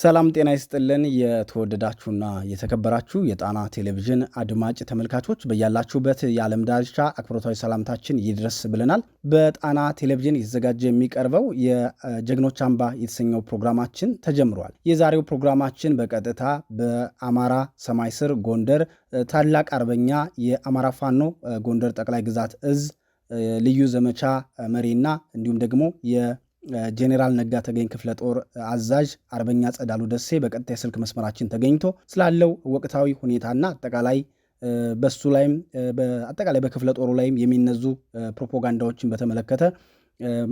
ሰላም ጤና ይስጥልን። የተወደዳችሁና የተከበራችሁ የጣና ቴሌቪዥን አድማጭ ተመልካቾች በያላችሁበት የዓለም ዳርቻ አክብሮታዊ ሰላምታችን ይድረስ ብለናል። በጣና ቴሌቪዥን እየተዘጋጀ የሚቀርበው የጀግኖች አምባ የተሰኘው ፕሮግራማችን ተጀምሯል። የዛሬው ፕሮግራማችን በቀጥታ በአማራ ሰማይ ስር ጎንደር ታላቅ አርበኛ የአማራ ፋኖ ጎንደር ጠቅላይ ግዛት እዝ ልዩ ዘመቻ መሪና እንዲሁም ደግሞ ጄኔራል ነጋ ተገኝ ክፍለ ጦር አዛዥ አርበኛ ጸዳሉ ደሴ በቀጥታ የስልክ መስመራችን ተገኝቶ ስላለው ወቅታዊ ሁኔታና አጠቃላይ በሱ ላይም አጠቃላይ በክፍለ ጦሩ ላይም የሚነዙ ፕሮፓጋንዳዎችን በተመለከተ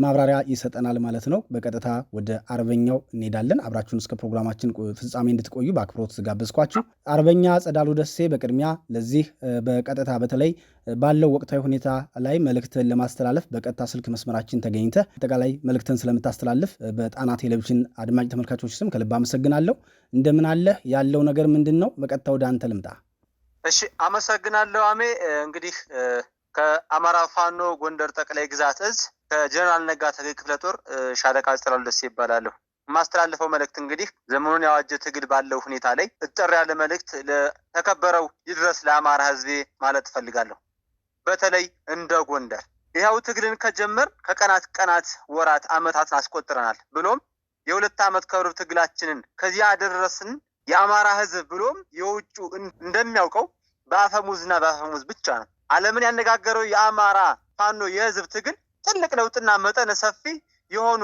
ማብራሪያ ይሰጠናል ማለት ነው። በቀጥታ ወደ አርበኛው እንሄዳለን። አብራችሁን እስከ ፕሮግራማችን ፍጻሜ እንድትቆዩ በአክብሮት ጋበዝኳችሁ። አርበኛ ጸዳሉ ደሴ በቅድሚያ ለዚህ በቀጥታ በተለይ ባለው ወቅታዊ ሁኔታ ላይ መልእክትን ለማስተላለፍ በቀጥታ ስልክ መስመራችን ተገኝተ አጠቃላይ መልእክትን ስለምታስተላልፍ በጣና ቴሌቪዥን አድማጭ ተመልካቾች ስም ከልብ አመሰግናለሁ። እንደምን አለህ? ያለው ነገር ምንድን ነው? በቀጥታ ወደ አንተ ልምጣ። እሺ፣ አመሰግናለሁ አሜ። እንግዲህ ከአማራ ፋኖ ጎንደር ጠቅላይ ግዛት እዝ ከጀነራል ነጋ ተገኝ ክፍለ ጦር ሻለቃ አስጠራሉ ደስ ይባላለሁ። የማስተላልፈው መልእክት እንግዲህ ዘመኑን ያዋጀ ትግል ባለው ሁኔታ ላይ እጠር ያለ መልእክት ለተከበረው ይድረስ ለአማራ ህዝቤ ማለት እፈልጋለሁ። በተለይ እንደ ጎንደር ይኸው ትግልን ከጀመር ከቀናት ቀናት፣ ወራት፣ አመታትን አስቆጥረናል። ብሎም የሁለት ዓመት ከብር ትግላችንን ከዚያ አደረስን። የአማራ ህዝብ ብሎም የውጩ እንደሚያውቀው በአፈሙዝና በአፈሙዝ ብቻ ነው። ዓለምን ያነጋገረው የአማራ ፋኖ የህዝብ ትግል ትልቅ ለውጥና መጠነ ሰፊ የሆኑ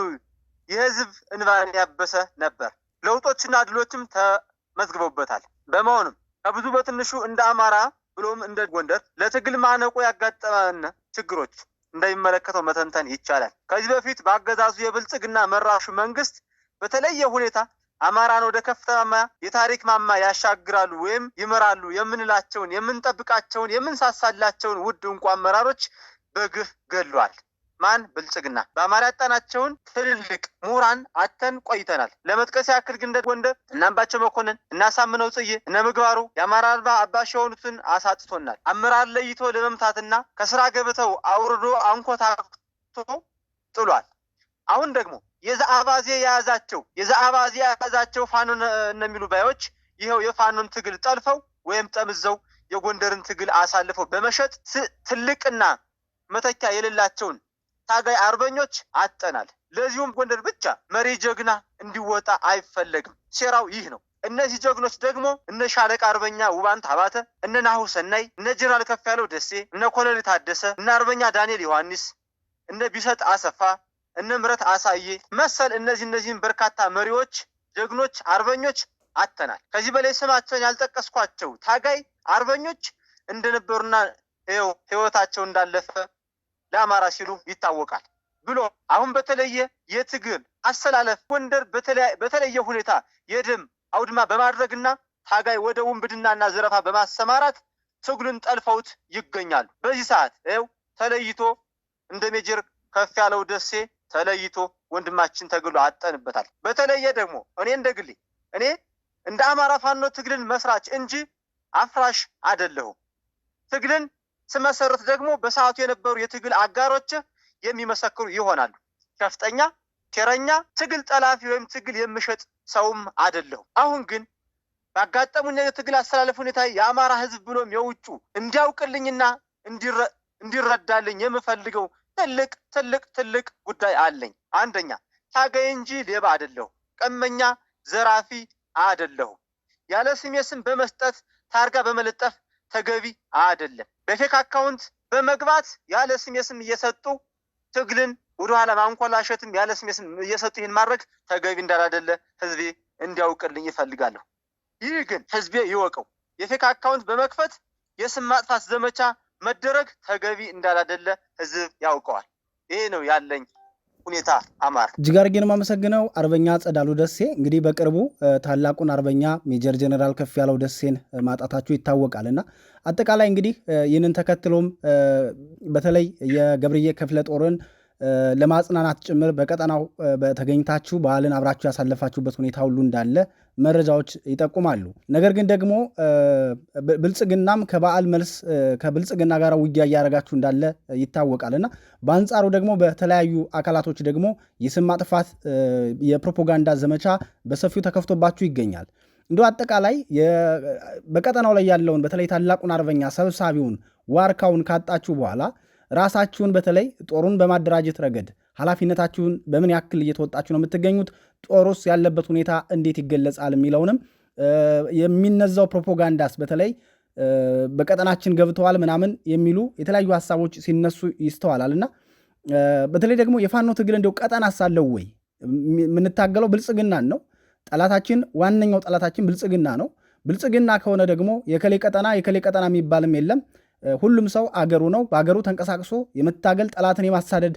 የህዝብ እንባን ያበሰ ነበር። ለውጦችና ድሎችም ተመዝግበውበታል። በመሆኑም ከብዙ በትንሹ እንደ አማራ ብሎም እንደ ጎንደር ለትግል ማነቆ ያጋጠመን ችግሮች እንደሚመለከተው መተንተን ይቻላል። ከዚህ በፊት በአገዛዙ የብልጽግና መራሹ መንግስት በተለየ ሁኔታ አማራን ወደ ከፍተማ የታሪክ ማማ ያሻግራሉ ወይም ይመራሉ የምንላቸውን የምንጠብቃቸውን የምንሳሳላቸውን ውድ እንቁ አመራሮች በግፍ ገሏል። ማን ብልጽግና በአማራ ያጣናቸውን ትልልቅ ምሁራን አተን ቆይተናል። ለመጥቀስ ያክል ግን ጎንደር እነ አምባቸው መኮንን፣ እናሳምነው ጽዬ፣ እነ ምግባሩ የአማራ አልባ አባሽ የሆኑትን አሳጥቶናል። አመራር ለይቶ ለመምታትና ከስራ ገብተው አውርዶ አንኮታቶ ጥሏል። አሁን ደግሞ የዘአባዜ የያዛቸው የዘአባዜ የያዛቸው ፋኖን እነሚሉ ባዮች ይኸው የፋኖን ትግል ጠልፈው ወይም ጠምዘው የጎንደርን ትግል አሳልፈው በመሸጥ ትልቅና መተኪያ የሌላቸውን ታጋይ አርበኞች አጠናል። ለዚሁም ጎንደር ብቻ መሪ ጀግና እንዲወጣ አይፈለግም። ሴራው ይህ ነው። እነዚህ ጀግኖች ደግሞ እነ ሻለቃ አርበኛ ውባንት አባተ፣ እነ ናሁ ሰናይ፣ እነ ጀነራል ያለው ደሴ፣ እነ ኮሎኔል ታደሰ፣ እነ አርበኛ ዳንኤል ዮሐንስ፣ እነ ቢሰጥ አሰፋ፣ እነ ምረት አሳዬ መሰል እነዚህ እነዚህን በርካታ መሪዎች፣ ጀግኖች፣ አርበኞች አተናል። ከዚህ በላይ ስማቸውን ያልጠቀስኳቸው ታጋይ አርበኞች እንደነበሩና ህይወታቸው እንዳለፈ ለአማራ ሲሉ ይታወቃል ብሎ አሁን በተለየ የትግል አሰላለፍ ጎንደር በተለየ ሁኔታ የደም አውድማ በማድረግና ታጋይ ወደ ውንብድናና ዘረፋ በማሰማራት ትግሉን ጠልፈውት ይገኛሉ። በዚህ ሰዓት ው ተለይቶ እንደ ሜጀር ከፍ ያለው ደሴ ተለይቶ ወንድማችን ተግሎ አጠንበታል። በተለየ ደግሞ እኔ እንደ ግሌ እኔ እንደ አማራ ፋኖ ትግልን መስራች እንጂ አፍራሽ አይደለሁም። ትግልን ስመሰርት ደግሞ በሰዓቱ የነበሩ የትግል አጋሮች የሚመሰክሩ ይሆናሉ። ከፍተኛ ቴረኛ፣ ትግል ጠላፊ ወይም ትግል የምሸጥ ሰውም አይደለሁም። አሁን ግን ባጋጠሙኝ የትግል አስተላለፍ ሁኔታ የአማራ ሕዝብ ብሎም የውጩ እንዲያውቅልኝና እንዲረዳልኝ የምፈልገው ትልቅ ትልቅ ትልቅ ጉዳይ አለኝ። አንደኛ ታጋይ እንጂ ሌባ አይደለሁም። ቀመኛ ዘራፊ አይደለሁም። ያለ ስሜ ስም በመስጠት ታርጋ በመለጠፍ ተገቢ አይደለም። በፌክ አካውንት በመግባት ያለ ስም የስም እየሰጡ ትግልን ወደኋላ ማንኮላሸትም ያለ ስም የስም እየሰጡ ይህን ማድረግ ተገቢ እንዳላደለ ህዝቤ እንዲያውቅልኝ ይፈልጋለሁ። ይህ ግን ህዝቤ ይወቀው። የፌክ አካውንት በመክፈት የስም ማጥፋት ዘመቻ መደረግ ተገቢ እንዳላደለ ህዝብ ያውቀዋል። ይሄ ነው ያለኝ ሁኔታ አማር እጅግ አድርጌ ነው የማመሰግነው። አርበኛ ጸዳሉ ደሴ እንግዲህ በቅርቡ ታላቁን አርበኛ ሜጀር ጀኔራል ያለው ደሴን ማጣታችሁ ይታወቃል እና አጠቃላይ እንግዲህ ይህንን ተከትሎም በተለይ የገብርዬ ክፍለ ጦርን ለማጽናናት ጭምር በቀጠናው ተገኝታችሁ በዓልን አብራችሁ ያሳለፋችሁበት ሁኔታ ሁሉ እንዳለ መረጃዎች ይጠቁማሉ። ነገር ግን ደግሞ ብልጽግናም ከበዓል መልስ ከብልጽግና ጋር ውጊያ እያደረጋችሁ እንዳለ ይታወቃል እና በአንጻሩ ደግሞ በተለያዩ አካላቶች ደግሞ የስም ማጥፋት የፕሮፓጋንዳ ዘመቻ በሰፊው ተከፍቶባችሁ ይገኛል። እንደ አጠቃላይ በቀጠናው ላይ ያለውን በተለይ ታላቁን አርበኛ ሰብሳቢውን ዋርካውን ካጣችሁ በኋላ ራሳችሁን በተለይ ጦሩን በማደራጀት ረገድ ኃላፊነታችሁን በምን ያክል እየተወጣችሁ ነው የምትገኙት? ጦሩስ ያለበት ሁኔታ እንዴት ይገለጻል? የሚለውንም የሚነዛው ፕሮፓጋንዳስ በተለይ በቀጠናችን ገብተዋል ምናምን የሚሉ የተለያዩ ሀሳቦች ሲነሱ ይስተዋላል እና በተለይ ደግሞ የፋኖ ትግል እንደው ቀጠና ሳለው ወይ የምንታገለው ብልጽግናን ነው። ጠላታችን ዋነኛው ጠላታችን ብልጽግና ነው። ብልጽግና ከሆነ ደግሞ የከሌ ቀጠና የከሌ ቀጠና የሚባልም የለም። ሁሉም ሰው አገሩ ነው። በአገሩ ተንቀሳቅሶ የመታገል ጠላትን የማሳደድ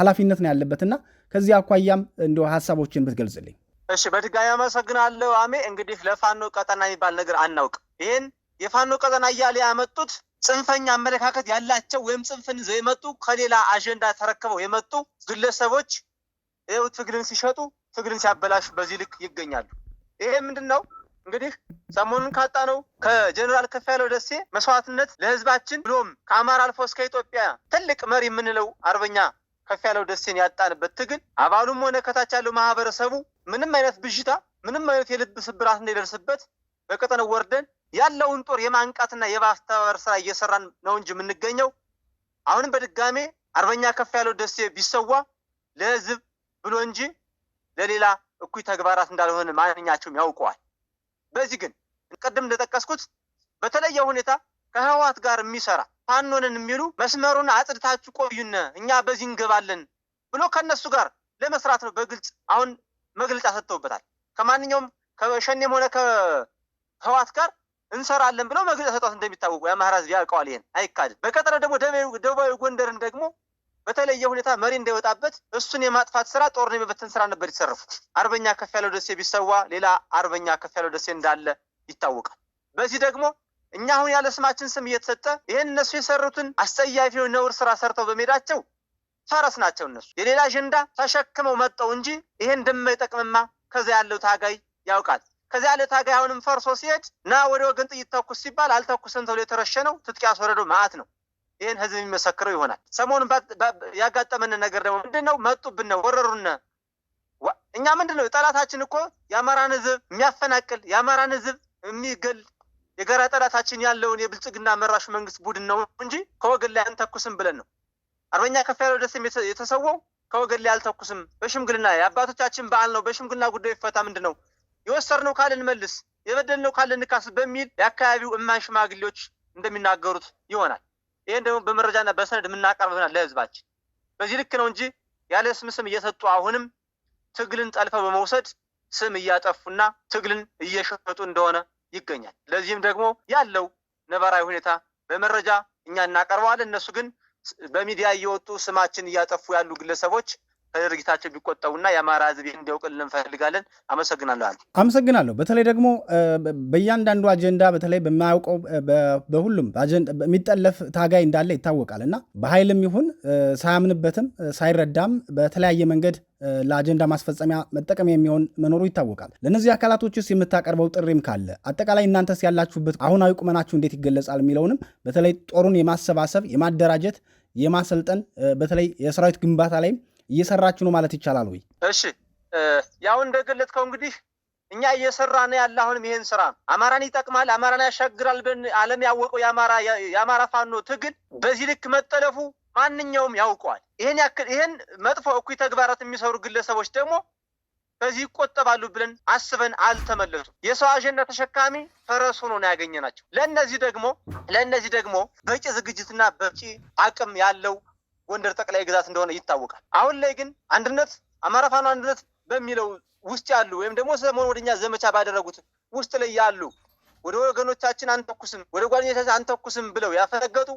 ኃላፊነት ነው ያለበትና ከዚህ አኳያም እንደ ሀሳቦችን ብትገልጽልኝ። እሺ፣ በድጋሚ አመሰግናለሁ አሜ። እንግዲህ ለፋኖ ቀጠና የሚባል ነገር አናውቅም። ይህን የፋኖ ቀጠና እያለ ያመጡት ጽንፈኛ አመለካከት ያላቸው ወይም ጽንፍን ይዘው የመጡ ከሌላ አጀንዳ ተረክበው የመጡ ግለሰቦች ይኸው ትግልን ሲሸጡ፣ ትግልን ሲያበላሹ በዚህ ልክ ይገኛሉ። ይሄ ምንድን ነው? እንግዲህ ሰሞኑን ካጣ ነው ከጀኔራል ያለው ደሴ መስዋዕትነት ለህዝባችን ብሎም ከአማራ አልፎ እስከ ኢትዮጵያ ትልቅ መሪ የምንለው አርበኛ ከፍ ያለው ደሴን ያጣንበት ትግል አባሉም ሆነ ከታች ያለው ማህበረሰቡ ምንም አይነት ብዥታ፣ ምንም አይነት የልብ ስብራት እንዳይደርስበት በቀጠነው ወርደን ያለውን ጦር የማንቃትና የማስተባበር ስራ እየሰራን ነው እንጂ የምንገኘው። አሁንም በድጋሜ አርበኛ ከፍ ያለው ደሴ ቢሰዋ ለህዝብ ብሎ እንጂ ለሌላ እኩይ ተግባራት እንዳልሆነ ማንኛቸውም ያውቀዋል። በዚህ ግን ቅድም እንደጠቀስኩት በተለየ ሁኔታ ከህወሓት ጋር የሚሰራ ፋኖንን የሚሉ መስመሩን አጽድታችሁ ቆዩነ እኛ በዚህ እንገባለን ብሎ ከነሱ ጋር ለመስራት ነው በግልጽ አሁን መግለጫ ሰጥተውበታል። ከማንኛውም ከሸኔም ሆነ ከህወሓት ጋር እንሰራለን ብለው መግለጫ ሰጧት። እንደሚታወቁ የአማራ ህዝብ ያውቀዋል። ይሄን አይካድም። በቀጠለ ደግሞ ደቡባዊ ጎንደርን ደግሞ በተለየ ሁኔታ መሪ እንዳይወጣበት እሱን የማጥፋት ስራ ጦርን የመበተን ስራ ነበር ይሰረፉት። አርበኛ ከፍ ያለው ደሴ ቢሰዋ ሌላ አርበኛ ከፍ ያለው ደሴ እንዳለ ይታወቃል። በዚህ ደግሞ እኛ አሁን ያለ ስማችን ስም እየተሰጠ ይህን እነሱ የሰሩትን አስጸያፊ ነውር ስራ ሰርተው በሜዳቸው ፈረስ ናቸው እነሱ የሌላ አጀንዳ ተሸክመው መጠው እንጂ ይሄ እንደማይጠቅምማ ከዛ ያለው ታጋይ ያውቃል። ከዛ ያለ ታጋይ አሁንም ፈርሶ ሲሄድ ና ወደ ወገን ጥይት ተኩስ ሲባል አልተኩስም ተብሎ የተረሸነው ትጥቅ ያስወረደው መዓት ነው። ይህን ህዝብ የሚመሰክረው ይሆናል። ሰሞኑን ያጋጠመን ነገር ደግሞ ምንድነው ነው? መጡብን ነው፣ ወረሩን። እኛ ምንድን ነው ጠላታችን እኮ የአማራን ህዝብ የሚያፈናቅል የአማራን ህዝብ የሚገል የጋራ ጠላታችን ያለውን የብልጽግና መራሹ መንግስት ቡድን ነው እንጂ ከወገን ላይ አንተኩስም ብለን ነው። አርበኛ ያለው ደስም የተሰወው ከወገን ላይ አልተኩስም በሽምግልና የአባቶቻችን በዓል ነው፣ በሽምግልና ጉዳዩ ይፈታ። ምንድን ነው የወሰድነው ካለ እንመልስ፣ የበደልነው ካለ እንካስ በሚል የአካባቢው እማን ሽማግሌዎች እንደሚናገሩት ይሆናል። ይህን ደግሞ በመረጃና በሰነድ የምናቀርብ ይሆናል ለህዝባችን። በዚህ ልክ ነው እንጂ ያለ ስም ስም እየሰጡ አሁንም ትግልን ጠልፈው በመውሰድ ስም እያጠፉና ትግልን እየሸጡ እንደሆነ ይገኛል። ለዚህም ደግሞ ያለው ነባራዊ ሁኔታ በመረጃ እኛ እናቀርበዋለን። እነሱ ግን በሚዲያ እየወጡ ስማችን እያጠፉ ያሉ ግለሰቦች ከድርጊታቸው ቢቆጠቡና የአማራ ህዝብ ይህን እንዲያውቅልን እንፈልጋለን። አመሰግናለሁ አለ። አመሰግናለሁ። በተለይ ደግሞ በእያንዳንዱ አጀንዳ በተለይ በማያውቀው በሁሉም የሚጠለፍ ታጋይ እንዳለ ይታወቃል እና በኃይልም ይሁን ሳያምንበትም ሳይረዳም በተለያየ መንገድ ለአጀንዳ ማስፈጸሚያ መጠቀም የሚሆን መኖሩ ይታወቃል። ለእነዚህ ውስጥ የምታቀርበው ጥሪም ካለ አጠቃላይ እናንተስ ያላችሁበት አሁናዊ ቁመናችሁ እንዴት ይገለጻል የሚለውንም በተለይ ጦሩን የማሰባሰብ የማደራጀት የማሰልጠን በተለይ የሰራዊት ግንባታ ላይም እየሰራችሁ ነው ማለት ይቻላል ወይ? እሺ ያው እንደገለጥከው እንግዲህ እኛ ነው ያለ አሁንም ይሄን ስራ አማራን ይጠቅማል፣ አማራን ያሻግራል ብን አለም ያወቀው የአማራ ፋኖ ትግል በዚህ ልክ መጠለፉ ማንኛውም ያውቀዋል። ይሄን ያክል ይሄን መጥፎ እኩይ ተግባራት የሚሰሩ ግለሰቦች ደግሞ በዚህ ይቆጠባሉ ብለን አስበን አልተመለሱም። የሰው አጀንዳ ተሸካሚ ፈረስ ሆኖ ነው ያገኘናቸው። ለእነዚህ ደግሞ ለእነዚህ ደግሞ በቂ ዝግጅትና በቂ አቅም ያለው ጎንደር ጠቅላይ ግዛት እንደሆነ ይታወቃል። አሁን ላይ ግን አንድነት አማራ ፋኖ አንድነት በሚለው ውስጥ ያሉ ወይም ደግሞ ሰሞን ወደኛ ዘመቻ ባደረጉት ውስጥ ላይ ያሉ ወደ ወገኖቻችን አንተኩስም ወደ ጓደኞቻችን አንተኩስም ብለው ያፈነገጡ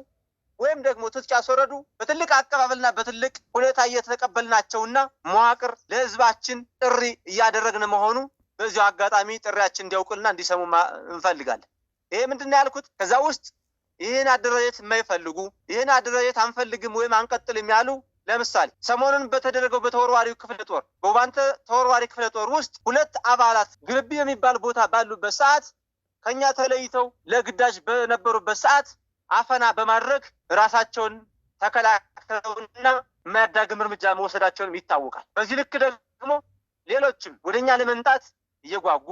ወይም ደግሞ ትጥቅ ያስወረዱ በትልቅ አቀባበልና በትልቅ ሁኔታ እየተቀበልናቸውና መዋቅር ለህዝባችን ጥሪ እያደረግን መሆኑ በዚሁ አጋጣሚ ጥሪያችን እንዲያውቅልና እንዲሰሙ እንፈልጋለን። ይሄ ምንድን ነው ያልኩት ከዛ ውስጥ ይህን አደረጀት የማይፈልጉ ይህን አደረጀት አንፈልግም ወይም አንቀጥልም ያሉ ለምሳሌ ሰሞኑን በተደረገው በተወርዋሪ ክፍለ ጦር በባንተ ተወርዋሪ ክፍለ ጦር ውስጥ ሁለት አባላት ግርቢ የሚባል ቦታ ባሉበት ሰዓት ከኛ ተለይተው ለግዳጅ በነበሩበት ሰዓት አፈና በማድረግ ራሳቸውን ተከላከለውና የማያዳግም እርምጃ መወሰዳቸውንም ይታወቃል። በዚህ ልክ ደግሞ ሌሎችም ወደኛ ለመምጣት እየጓጉ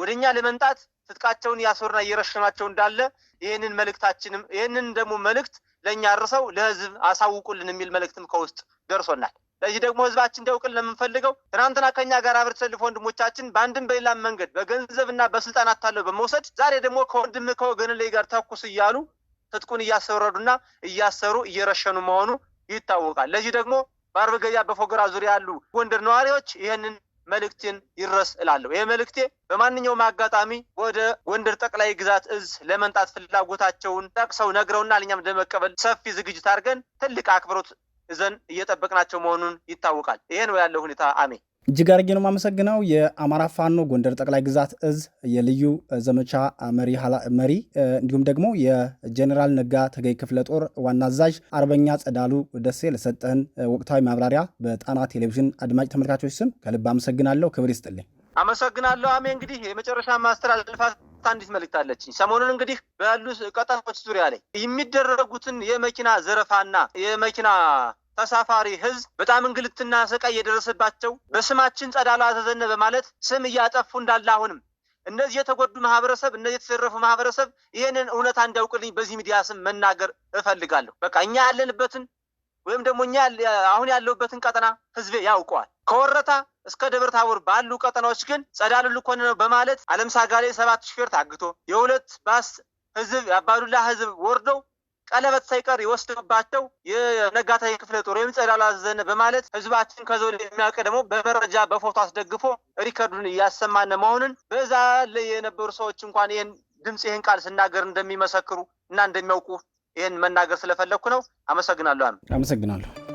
ወደኛ ለመምጣት ትጥቃቸውን እያሰሩና እየረሸኗቸው እንዳለ ይህንን መልእክታችንም ይህንን ደግሞ መልእክት ለእኛ አድርሰው ለህዝብ አሳውቁልን የሚል መልእክትም ከውስጥ ደርሶናል። ለዚህ ደግሞ ህዝባችን እንዲያውቅልን ለምንፈልገው ትናንትና ከኛ ጋር አብር ተሰልፎ ወንድሞቻችን በአንድም በሌላም መንገድ በገንዘብና በስልጣን አታለው በመውሰድ ዛሬ ደግሞ ከወንድም ከወገን ላይ ጋር ተኩስ እያሉ ትጥቁን እያስወረዱና እያሰሩ እየረሸኑ መሆኑ ይታወቃል። ለዚህ ደግሞ በአርብ ገበያ በፎገራ ዙሪያ ያሉ ጎንደር ነዋሪዎች ይህንን መልእክቴን ይረስ እላለሁ። ይህ መልእክቴ በማንኛውም አጋጣሚ ወደ ጎንደር ጠቅላይ ግዛት እዝ ለመንጣት ፍላጎታቸውን ጠቅሰው ነግረውናል። እኛም ለመቀበል ሰፊ ዝግጅት አድርገን ትልቅ አክብሮት እዘን እየጠበቅናቸው መሆኑን ይታወቃል። ይሄ ነው ያለው ሁኔታ። አሜ እጅግ አድርጌ ነው የማመሰግነው። የአማራ ፋኖ ጎንደር ጠቅላይ ግዛት እዝ የልዩ ዘመቻ መሪ እንዲሁም ደግሞ የጀኔራል ነጋ ተገይ ክፍለ ጦር ዋና አዛዥ አርበኛ ጸዳሉ ደሴ ለሰጠህን ወቅታዊ ማብራሪያ በጣና ቴሌቪዥን አድማጭ ተመልካቾች ስም ከልብ አመሰግናለሁ። ክብር ይስጥልኝ። አመሰግናለሁ። አሜ እንግዲህ የመጨረሻ ማስተላለፍ አንዲት መልእክት አለችኝ። ሰሞኑን እንግዲህ ባሉ ቀጠናዎች ዙሪያ ላይ የሚደረጉትን የመኪና ዘረፋና የመኪና ተሳፋሪ ህዝብ በጣም እንግልትና ስቃይ የደረሰባቸው በስማችን ጸዳሉ አዘዘነ በማለት ስም እያጠፉ እንዳለ አሁንም እነዚህ የተጎዱ ማህበረሰብ እነዚህ የተሰረፉ ማህበረሰብ ይህንን እውነታ እንዲያውቅልኝ በዚህ ሚዲያ ስም መናገር እፈልጋለሁ። በቃ እኛ ያለንበትን ወይም ደግሞ እኛ አሁን ያለውበትን ቀጠና ህዝቤ ያውቀዋል። ከወረታ እስከ ደብረ ታቦር ባሉ ቀጠናዎች ግን ጸዳሉ ልኮን ነው በማለት አለም ሳጋሌ ሰባት ሹፌር ታግቶ የሁለት ባስ ህዝብ የአባዱላ ህዝብ ወርደው ቀለበት ሳይቀር ይወስድባቸው የነጋታዊ ክፍለ ጦር ወይም ጸዳል አዘነ በማለት ህዝባችን ከዘው የሚያውቅ ደግሞ በመረጃ በፎቶ አስደግፎ ሪከርዱን እያሰማነ መሆኑን በዛ ላይ የነበሩ ሰዎች እንኳን ይህን ድምፅ ይህን ቃል ስናገር እንደሚመሰክሩ እና እንደሚያውቁ ይህን መናገር ስለፈለግኩ ነው። አመሰግናለሁ። አመሰግናለሁ።